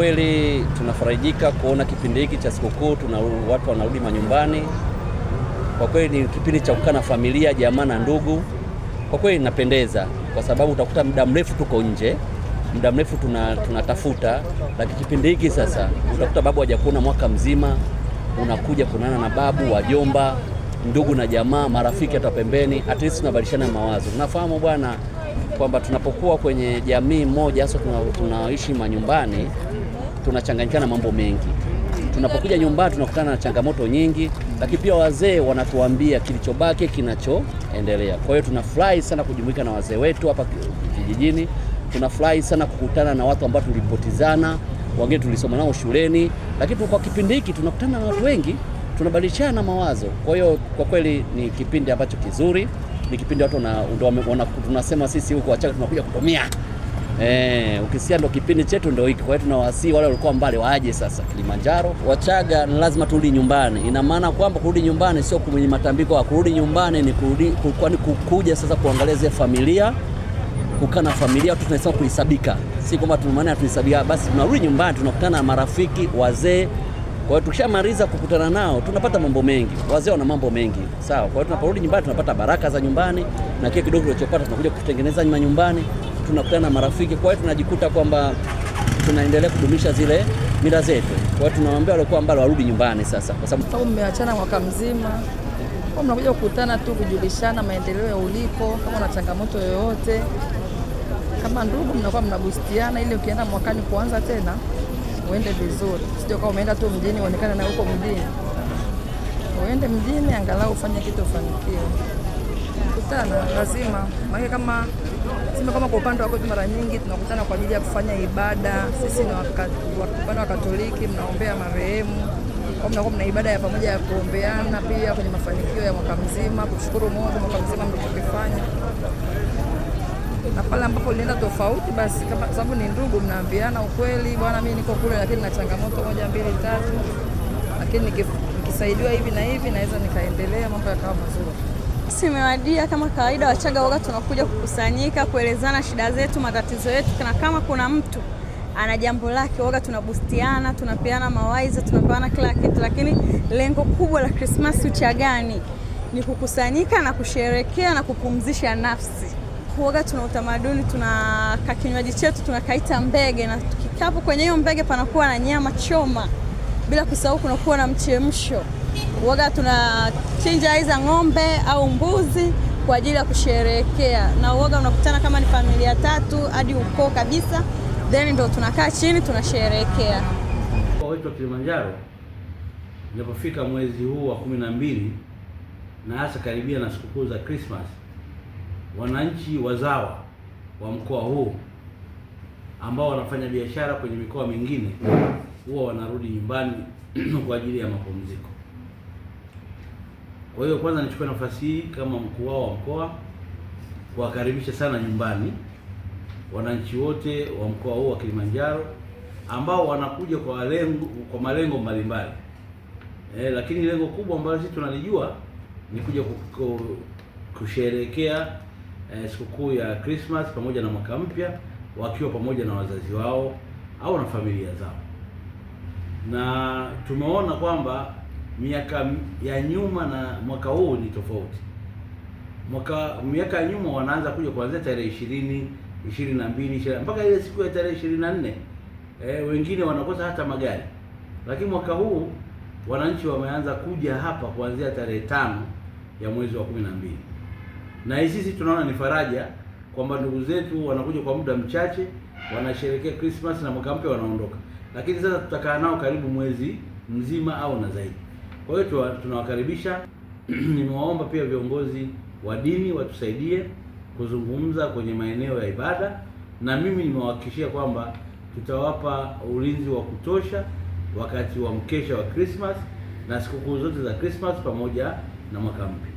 kweli tunafarajika kuona kipindi hiki cha sikukuu tuna watu wanarudi manyumbani. Kwa kweli ni kipindi cha kukaa na familia, jamaa na ndugu. Kwa kweli inapendeza, kwa sababu utakuta muda mrefu tuko nje, muda mrefu tunatafuta tuna, lakini kipindi hiki sasa utakuta babu hajakuona mwaka mzima, unakuja kuonana na babu, wajomba, ndugu na jamaa, marafiki hata pembeni, at least tunabadilishana mawazo. Unafahamu bwana kwamba tunapokuwa kwenye jamii moja hasa tunaishi tuna manyumbani tunachanganyikana mambo mengi. Tunapokuja nyumbani tunakutana na changamoto nyingi, lakini pia wazee wanatuambia kilichobaki, kinachoendelea. Kwa hiyo tunafurahi sana kujumuika na wazee wetu hapa kijijini, tunafurahi sana kukutana na watu ambao tulipotizana, wengine tulisoma nao shuleni, lakini kwa kipindi hiki tunakutana na watu wengi, tunabadilishana mawazo. Kwa hiyo kwa kweli ni kipindi ambacho kizuri, ni kipindi watu tunasema sisi huko Wachaga tunakuja kutumia Eh, ukisikia ndo kipindi chetu ndo hiki. Kwa hiyo tunawasii wale walikuwa mbali waaje sasa Kilimanjaro. Wachaga ni lazima turudi nyumbani, ina maana kwamba kurudi nyumbani sio kwenye matambiko ya kurudi nyumbani ni kurudi, kwani kukuja sasa kuangalia zile familia kukaa na familia, tunasema kuhesabika, si kwamba tunamaana tunahesabia. Basi tunarudi nyumbani, tunakutana na marafiki wazee. Kwa hiyo tukishamaliza kukutana nao tunapata mambo mengi, wazee wana mambo mengi, sawa. Kwa hiyo tunaporudi nyumbani tunapata baraka za nyumbani na kile kidogo tulichopata tunakuja kutengeneza nyuma nyumbani tunakutana na marafiki. Kwa hiyo tunajikuta kwamba tunaendelea kudumisha zile mila zetu. Kwa hiyo tunawaambia wale kwamba warudi nyumbani sasa, kwa sababu mmeachana mwaka mzima, kwa mnakuja kukutana tu kujulishana maendeleo ya ulipo, kama una changamoto yoyote kama ndugu, mnakuwa mnabustiana ili ukienda mwakani kuanza tena uende vizuri, sio kama umeenda tu mjini uonekane na huko mjini. Uende mjini angalau ufanye kitu ufanikiwe kutana lazima maana kama sema kama kwa upande wako mara nyingi tunakutana kwa ajili ya kufanya ibada. Sisi ni upande wa Katoliki, mnaombea marehemu kwa mnakuwa mna ibada ya pamoja ya kuombeana pia kwenye mafanikio ya mwaka mzima, kushukuru Mungu mwaka mzima mlichokifanya, na pale ambapo ulienda tofauti, basi kama sababu ni ndugu, mnaambiana ukweli, bwana, mimi niko kule, lakini na changamoto moja mbili tatu, lakini nikisaidiwa hivi na hivi naweza nikaendelea, mambo yakawa mazuri. Simewadia kama kawaida, Wachaga waga tunakuja kukusanyika kuelezana shida zetu, matatizo yetu, na kama kuna mtu ana jambo lake waga tunabustiana, tunapeana mawaidha, tunapeana kila kitu, lakini lengo kubwa la Krismasi Uchagani ni kukusanyika na kusherekea na kupumzisha nafsi. Waga tuna utamaduni, tuna kakinywaji chetu tunakaita mbege, na tukikapo kwenye hiyo mbege panakuwa na nyama choma bila kusahau kunakuwa na mchemsho waga, tunachinja aiza ng'ombe au mbuzi kwa ajili ya kusherehekea, na uoga unakutana kama ni familia tatu hadi ukoo kabisa, then ndio tunakaa chini tunasherehekea. Mkoa wetu wa Kilimanjaro unapofika mwezi huu wa kumi na mbili na hasa karibia na sikukuu za Christmas, wananchi wazawa wa mkoa huu ambao wanafanya biashara kwenye mikoa mingine huwa wanarudi nyumbani kwa ajili ya mapumziko. Kwa hiyo kwanza nichukue nafasi hii kama mkuu wao wa mkoa kuwakaribisha sana nyumbani wananchi wote wa mkoa huu wa Kilimanjaro ambao wanakuja kwa lengo, kwa malengo mbalimbali eh, lakini lengo kubwa ambalo sisi tunalijua ni kuja kusherehekea eh, sikukuu ya Christmas pamoja na mwaka mpya wakiwa pamoja na wazazi wao au na familia zao, na tumeona kwamba miaka ya nyuma na mwaka huu ni tofauti. Mwaka miaka ya nyuma wanaanza kuja kuanzia tarehe ishirini, ishirini na mbili mpaka ile siku ya tarehe ishirini na nne eh, wengine wanakosa hata magari, lakini mwaka huu wananchi wameanza kuja hapa kuanzia tarehe tano ya mwezi wa kumi na mbili na hii sisi tunaona ni faraja kwamba ndugu zetu wanakuja kwa muda mchache, wanasherehekea Christmas na mwaka mpya wanaondoka, lakini sasa tutakaa nao karibu mwezi mzima au na zaidi. Kwa hiyo tunawakaribisha. Nimewaomba pia viongozi wa dini watusaidie kuzungumza kwenye maeneo ya ibada, na mimi nimewahakikishia kwamba tutawapa ulinzi wa kutosha wakati wa mkesha wa Christmas na sikukuu zote za Christmas pamoja na mwaka mpya.